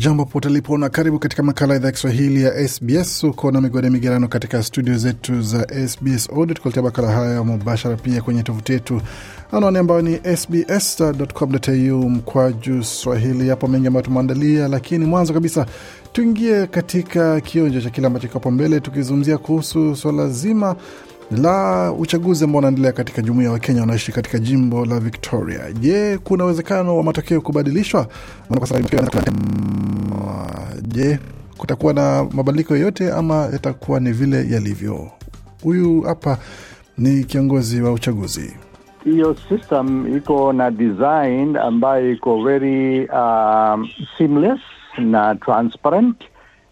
Jambo popote lipo na karibu katika makala idhaa ya Kiswahili ya SBS. Uko na migode migerano katika studio zetu za SBS Audio, tukuletea makala haya mubashara pia kwenye tovuti yetu anwani ambayo ni sbs.com.au mkwaju swahili. Yapo mengi ambayo tumeandalia, lakini mwanzo kabisa tuingie katika kionjo cha kile ambacho kikapo mbele, tukizungumzia kuhusu swala zima la uchaguzi ambao unaendelea katika jumuia ya Wakenya wanaishi katika jimbo la Victoria. Je, kuna uwezekano wa matokeo kubadilishwa? Je, kutakuwa na mabadiliko yoyote ama yatakuwa ni vile yalivyo? Huyu hapa ni kiongozi wa uchaguzi. Hiyo system iko na design ambayo iko very um, seamless na transparent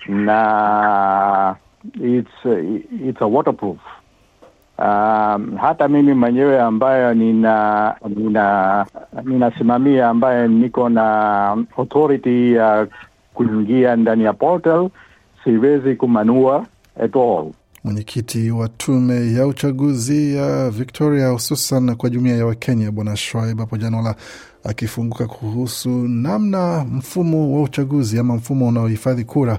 na it's, it's a waterproof Um, hata mimi mwenyewe ambayo nina nina ninasimamia ambaye niko na authority ya kuingia ndani ya portal siwezi kumanua at all. Mwenyekiti wa tume ya uchaguzi ya Victoria, hususan kwa jumuiya ya Wakenya, Bwana Shwaib hapo Janola akifunguka kuhusu namna mfumo wa uchaguzi ama mfumo unaohifadhi kura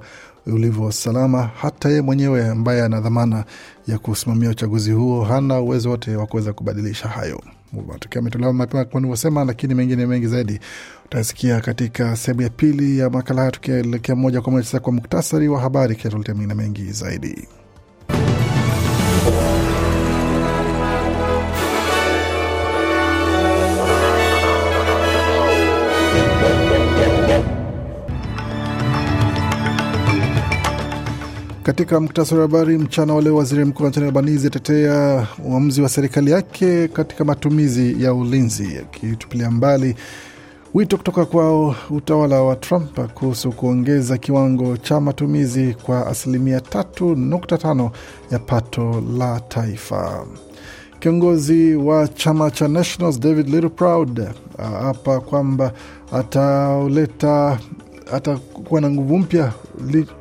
ulivyo salama. Hata yeye mwenyewe ambaye ana dhamana ya kusimamia uchaguzi huo hana uwezo wote wa kuweza kubadilisha hayo. Matokeo ametolewa mapema kama nilivyosema, lakini mengine mengi zaidi utasikia katika sehemu ya pili ya makala haya, tukielekea moja kwa moja sasa kwa muktasari wa habari, kisha tuletea mengine mengi zaidi. Katika muktasari wa habari mchana wa leo, waziri mkuu Antoni Albanizi atetea uamuzi wa serikali yake katika matumizi ya ulinzi, akitupilia mbali wito kutoka kwa utawala wa Trump kuhusu kuongeza kiwango cha matumizi kwa asilimia 3.5 ya pato la taifa. Kiongozi wa chama cha Nationals David Littleproud aapa kwamba atauleta atakuwa na nguvu mpya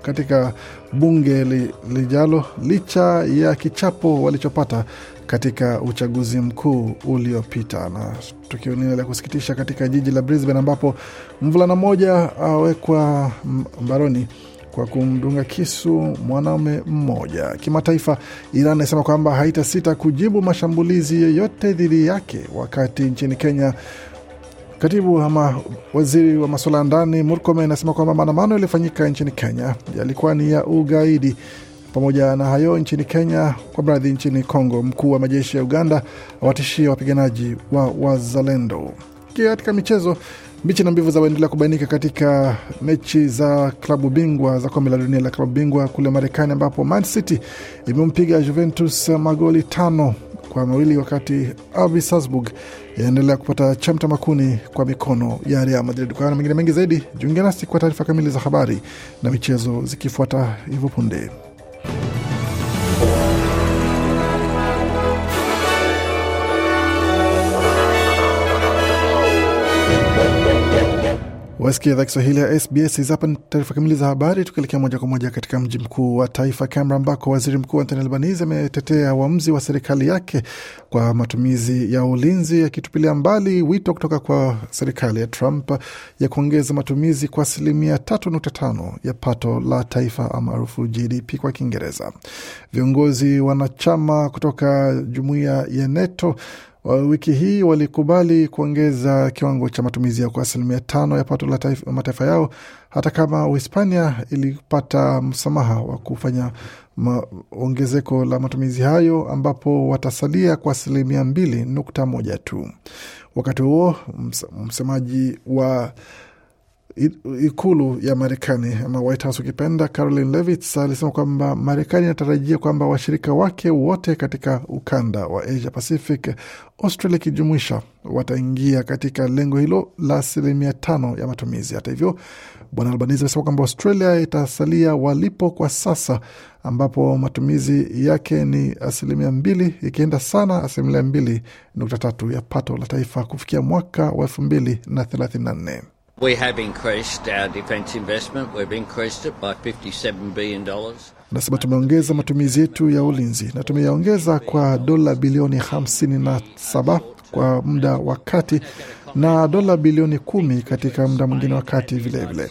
katika bunge li, lijalo licha ya kichapo walichopata katika uchaguzi mkuu uliopita. Na tukio lingine la kusikitisha katika jiji la Brisbane, ambapo mvulana mmoja awekwa mbaroni kwa kumdunga kisu mwanaume mmoja. Kimataifa, Iran inasema kwamba haitasita kujibu mashambulizi yoyote dhidi yake, wakati nchini Kenya Katibu ama waziri wa masuala ya ndani Murkomen anasema kwamba maandamano yaliyofanyika nchini Kenya yalikuwa ni ya ugaidi. Pamoja na hayo, nchini Kenya kwa baradhi, nchini Kongo, mkuu wa majeshi ya Uganda awatishia wapiganaji wa Wazalendo. Katika michezo, mbichi na mbivu zaendelea kubainika katika mechi za klabu bingwa za kombe la dunia la klabu bingwa kule Marekani, ambapo Man City imempiga Juventus magoli tano kwa mawili, wakati RB Salzburg yaendelea kupata chamta makuni kwa mikono ya Real Madrid. Kwa na mengine mengi zaidi, jiunge nasi kwa taarifa kamili za habari na michezo zikifuata hivyo punde. Wasikia idhaa Kiswahili ya SBS izapa taarifa kamili za habari, tukielekea moja kwa moja katika mji mkuu wa taifa Canberra, ambako waziri mkuu Anthony Albanese ametetea uamuzi wa serikali yake kwa matumizi ya ulinzi, yakitupilia mbali wito kutoka kwa serikali ya Trump ya kuongeza matumizi kwa asilimia tatu nukta tano ya pato la taifa maarufu GDP kwa Kiingereza. Viongozi wanachama kutoka jumuiya ya NATO wiki hii walikubali kuongeza kiwango cha matumizi yao kwa asilimia tano ya pato la mataifa yao, hata kama Uhispania ilipata msamaha wa kufanya ongezeko la matumizi hayo, ambapo watasalia kwa asilimia mbili nukta moja tu. Wakati huo msemaji wa ikulu ya Marekani ama White House ukipenda, Caroline Levitz alisema kwamba Marekani inatarajia kwamba washirika wake wote katika ukanda wa Asia Pacific, Australia ikijumuisha, wataingia katika lengo hilo la asilimia tano ya matumizi. Hata hivyo, Bwana Albanese amesema kwamba Australia itasalia walipo kwa sasa, ambapo matumizi yake ni asilimia mbili, ikienda sana asilimia mbili nukta tatu ya pato la taifa kufikia mwaka wa elfu mbili na thelathini na nne. We have increased our defence investment. We've increased it by 57 billion dollars. Nasema tumeongeza matumizi yetu ya ulinzi na tumeyaongeza kwa dola bilioni 57 kwa muda wa kati na dola bilioni kumi katika muda mwingine wa kati vilevile.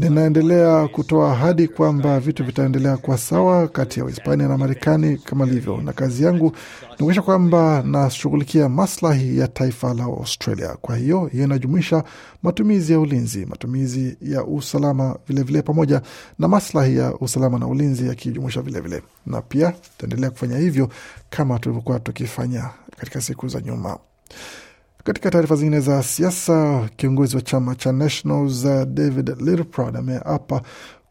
Ninaendelea kutoa ahadi kwamba vitu vitaendelea kuwa sawa kati ya Uhispania na Marekani kama ilivyo, na kazi yangu ni kwamba nashughulikia maslahi ya taifa la Australia. Kwa hiyo hiyo inajumuisha matumizi ya ulinzi, matumizi ya usalama vilevile vile, pamoja na maslahi ya usalama na ulinzi yakijumuisha vilevile, na pia tutaendelea kufanya hivyo kama tulivyokuwa tukifanya katika siku za nyuma. Katika taarifa zingine za siasa, kiongozi wa chama cha Nationals eh, David Littleproud ameapa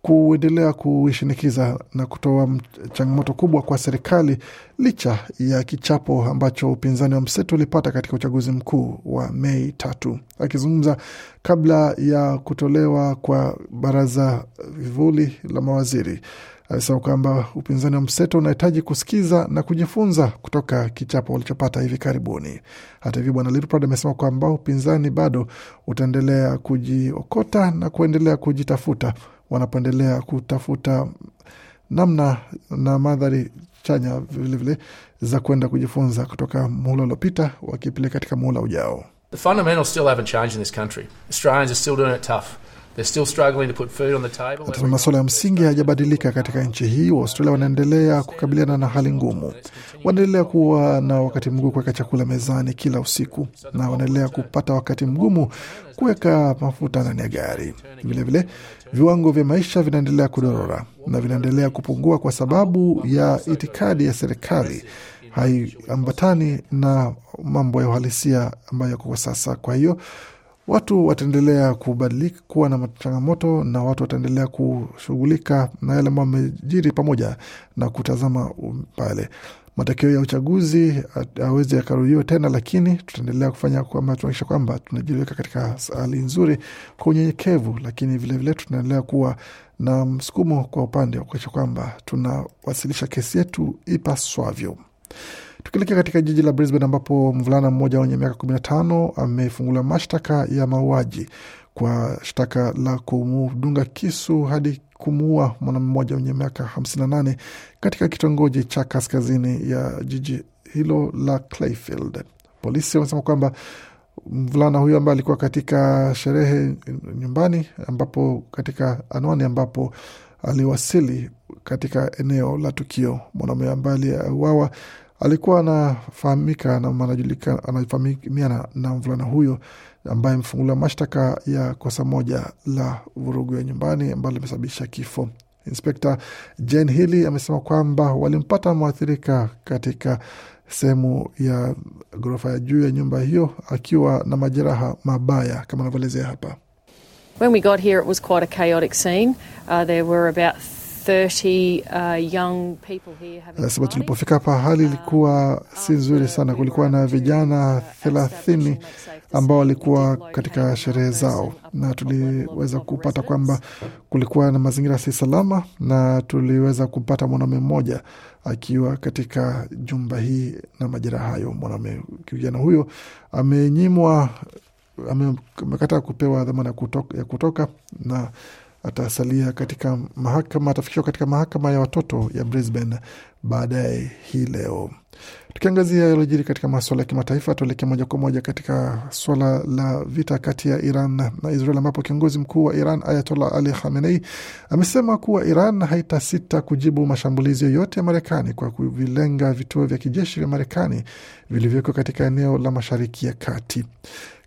kuendelea kuishinikiza na kutoa changamoto kubwa kwa serikali licha ya kichapo ambacho upinzani wa mseto ulipata katika uchaguzi mkuu wa Mei tatu. Akizungumza kabla ya kutolewa kwa baraza vivuli la mawaziri, amesema kwamba upinzani wa mseto unahitaji kusikiza na kujifunza kutoka kichapo walichopata hivi karibuni. Hata hivyo, bwana Littleproud amesema kwamba upinzani bado utaendelea kujiokota na kuendelea kujitafuta wanapoendelea kutafuta namna na madhari chanya vilevile vile, za kwenda kujifunza kutoka muhula uliopita wakipeleka katika muhula ujao. The fundamentals still haven't changed in this country. Australians are still doing it tough. Hata masuala ya msingi hayajabadilika katika nchi hii. Waustralia wanaendelea kukabiliana na hali ngumu, wanaendelea kuwa na wakati mgumu kuweka chakula mezani kila usiku, na wanaendelea kupata wakati mgumu kuweka mafuta ndani ya gari. Vilevile, viwango vya maisha vinaendelea kudorora na vinaendelea kupungua kwa sababu ya itikadi ya serikali haiambatani na mambo ya uhalisia ambayo yako kwa sasa. Kwa hiyo watu wataendelea kubadilika kuwa na changamoto na watu wataendelea kushughulika na yale ambayo amejiri pamoja na kutazama um, pale matokeo ya uchaguzi awezi yakarudiwa tena, lakini tutaendelea kufanya tuakisha kwamba tunajiweka katika hali nzuri kwa unyenyekevu, lakini vilevile tunaendelea kuwa na msukumo kwa upande wa kuakisha kwamba tunawasilisha kesi yetu ipaswavyo. Tukielekea katika jiji la Brisbane ambapo mvulana mmoja mwenye miaka 15 amefunguliwa mashtaka ya mauaji kwa shtaka la kumdunga kisu hadi kumuua mwanamume mmoja mwenye miaka 58 katika kitongoji cha kaskazini ya jiji hilo la Clayfield. Polisi wanasema kwamba mvulana huyo ambaye alikuwa katika sherehe nyumbani, ambapo katika anwani ambapo aliwasili katika eneo la tukio, mwanamume ambaye aliuawa alikuwa anafahamika na na mvulana huyo ambaye amefungulia mashtaka ya kosa moja la vurugu ya nyumbani ambalo limesababisha kifo. Inspekta Jen Hili amesema kwamba walimpata mwathirika katika sehemu ya ghorofa ya juu ya nyumba hiyo akiwa na majeraha mabaya kama anavyoelezea hapa. When we got here it was quite a chaotic scene. Uh, there were about Uh, Anasema tulipofika hapa hali um, ilikuwa si nzuri sana. Kulikuwa na vijana uh, thelathini ambao walikuwa katika sherehe zao, na tuliweza kupata kwamba kulikuwa na mazingira si salama, na tuliweza kupata mwanaume mmoja akiwa katika jumba hii na majeraha hayo. Mwanaume kijana huyo amenyimwa, amekataa kupewa dhamana ya kutoka na atasalia katika mahakama, atafikishwa katika mahakama ya watoto ya Brisbane baadaye hii leo. Tukiangazia yaliyojiri katika maswala ya kimataifa, tuelekee moja kwa moja katika swala la vita kati ya Iran na Israel, ambapo kiongozi mkuu wa Iran Ayatollah Ali Khamenei amesema kuwa Iran haitasita kujibu mashambulizi yoyote ya Marekani kwa kuvilenga vituo vya kijeshi vya Marekani vilivyoko katika eneo la Mashariki ya Kati.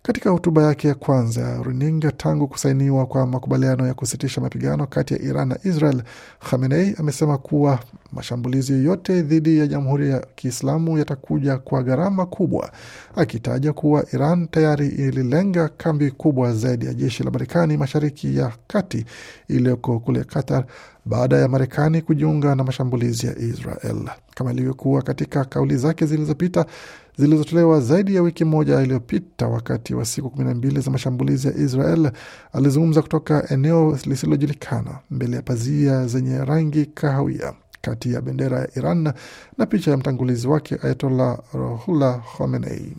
Katika hotuba yake ya kwanza ya runinga tangu kusainiwa kwa makubaliano ya kusitisha mapigano kati ya Iran na Israel, Khamenei amesema kuwa mashambulizi yoyote dhidi ya Jamhuri ya Kiislamu yatakuja kwa gharama kubwa, akitaja kuwa Iran tayari ililenga kambi kubwa zaidi ya jeshi la Marekani mashariki ya kati iliyoko kule Qatar baada ya Marekani kujiunga na mashambulizi ya Israel. Kama ilivyokuwa katika kauli zake zilizopita zilizotolewa zaidi ya wiki moja iliyopita, wakati wa siku kumi na mbili za mashambulizi ya Israel, alizungumza kutoka eneo lisilojulikana mbele ya pazia zenye rangi kahawia kati ya bendera ya Iran na picha ya mtangulizi wake Ayatollah Ruhollah Khomeini.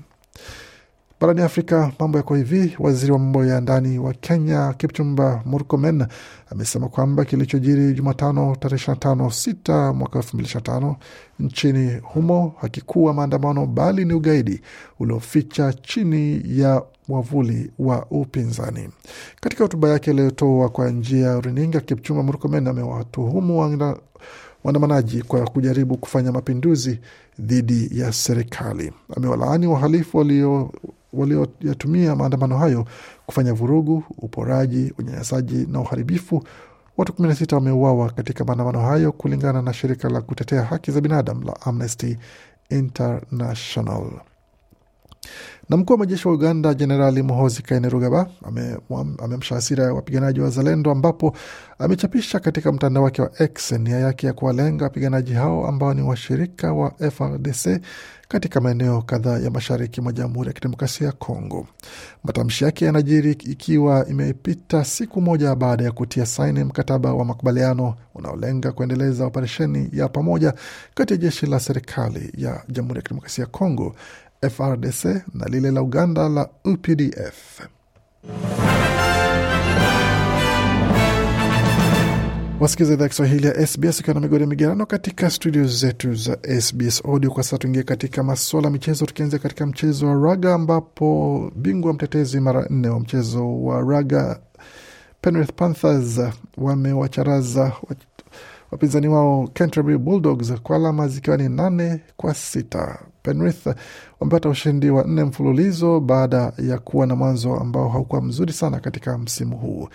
Barani Afrika mambo yako hivi. Waziri wa mambo ya ndani wa Kenya Kipchumba Murkomen amesema kwamba kilichojiri Jumatano tarehe 25 sita mwaka 2025 nchini humo hakikuwa maandamano bali ni ugaidi ulioficha chini ya mwavuli wa upinzani. Katika hotuba yake iliyotoa kwa njia ya runinga, Kipchumba Murkomen amewatuhumu waandamanaji kwa kujaribu kufanya mapinduzi dhidi ya serikali. Amewalaani wahalifu walio walioyatumia maandamano hayo kufanya vurugu, uporaji, unyanyasaji na uharibifu. Watu 16 wameuawa katika maandamano hayo, kulingana na shirika la kutetea haki za binadamu la Amnesty International. Na mkuu wa majeshi wa Uganda Jenerali Muhozi Kainerugaba ameamsha hasira ya wapiganaji wa Zalendo, ambapo amechapisha katika mtandao wake wa X nia yake ya kuwalenga wapiganaji hao ambao ni washirika wa FRDC katika maeneo kadhaa ya mashariki mwa Jamhuri ya Kidemokrasia ya Kongo. Matamshi yake yanajiri ikiwa imepita siku moja baada ya kutia saini mkataba wa makubaliano unaolenga kuendeleza operesheni ya pamoja kati ya jeshi la serikali ya Jamhuri ya Kidemokrasia ya Kongo FRDC na lile la Uganda la UPDF. Wasikiliza idhaa Kiswahili ya SBS ukiwa na migodi migerano katika studio zetu za SBS Audio. Kwa sasa tuingie katika masuala ya michezo, tukianzia katika mchezo wa raga ambapo bingwa mtetezi mara nne wa mchezo wa raga Penrith Panthers wamewacharaza wapinzani wao Canterbury Bulldogs kwa alama zikiwa ni nane kwa sita. Penrith wamepata ushindi wa nne mfululizo baada ya kuwa na mwanzo ambao haukuwa mzuri sana katika msimu huu.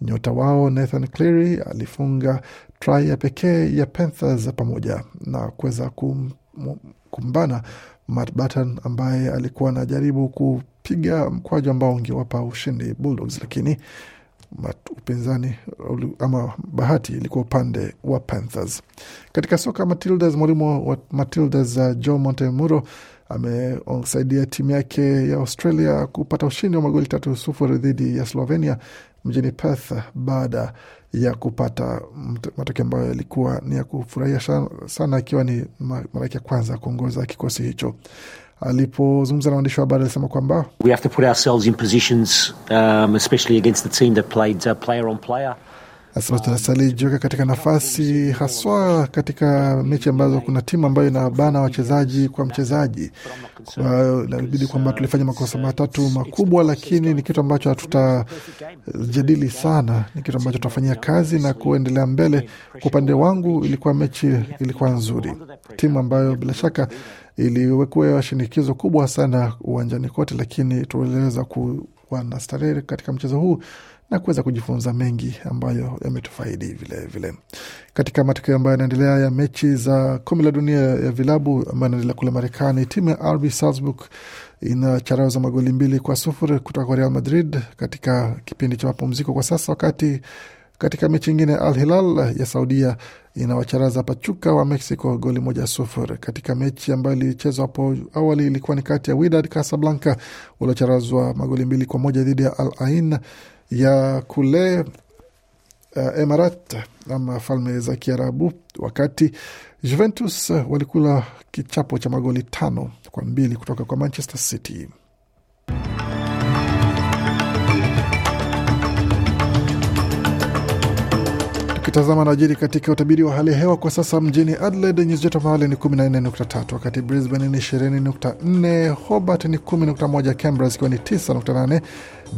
Nyota wao Nathan Cleary alifunga try ya pekee ya Panthers pamoja na kuweza kum, kumbana Matt ambaye alikuwa anajaribu kupiga mkwaju ambao ungewapa ushindi Bulldogs, lakini upinzani ama bahati ilikuwa upande wa Panthers. Katika soka Matildas, mwalimu wa Matildas uh, Joe Montemuro amesaidia timu yake ya Australia kupata ushindi wa magoli tatu sufuri dhidi ya Slovenia mjini Perth baada ya kupata matokeo ambayo yalikuwa ni ya kufurahia sana, ikiwa ni mara yake ya kwanza kuongoza kikosi hicho alipozungumza na waandishi wa habari alisema kwamba we have to put ourselves in positions um, especially against the team that played uh, player on player jiweka katika nafasi haswa katika mechi ambazo kuna timu ambayo inabana wachezaji kwa mchezaji. Inabidi kwamba tulifanya makosa matatu makubwa, lakini ni kitu ambacho hatutajadili sana, ni kitu ambacho tutafanyia kazi na kuendelea mbele. Kwa upande wangu, ilikuwa mechi ilikuwa nzuri, timu ambayo bila shaka iliwekewa shinikizo kubwa sana uwanjani kote, lakini tuliweza kuwa na starehe katika mchezo huu na kuweza kujifunza mengi ambayo yametufaidi vilevile. Katika matokeo ambayo yanaendelea ya mechi za kombe la dunia ya vilabu ambayo yanaendelea kule Marekani, timu ya RB Salzburg ina charaza magoli mbili kwa sufuri kutoka kwa Real Madrid katika kipindi cha mapumziko kwa sasa, wakati katika mechi ingine Al Hilal ya Saudia inawacharaza Pachuka wa Mexico goli moja sufuri. Katika mechi ambayo ilichezwa hapo awali ilikuwa ni kati ya Wydad Casablanca waliocharazwa magoli mbili kwa moja dhidi ya Al Ain ya kule uh, eh, Emarat ama Falme za Kiarabu, wakati Juventus walikula kichapo cha magoli tano kwa mbili kutoka kwa Manchester City. Tukitazama najiri katika utabiri wa hali ya hewa kwa sasa, mjini Adelaide nyuzi joto mahali ni 14.3, wakati Brisbane ni 20.4, Hobart ni 10.1, Canberra zikiwa ni 9.8,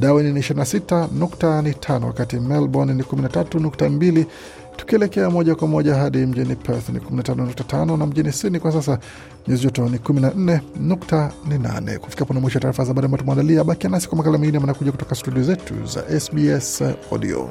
Darwin ni 26.5, wakati Melbourne ni 13.2, tukielekea moja kwa moja hadi mjini Perth ni 15.5 na mjini Sydney kwa sasa nyuzi joto ni 14.8. Kufika hapo na mwisho taarifa za habari ambayo tumeandalia. Bakia nasi kwa makala mengine manakuja kutoka studio zetu za SBS Audio.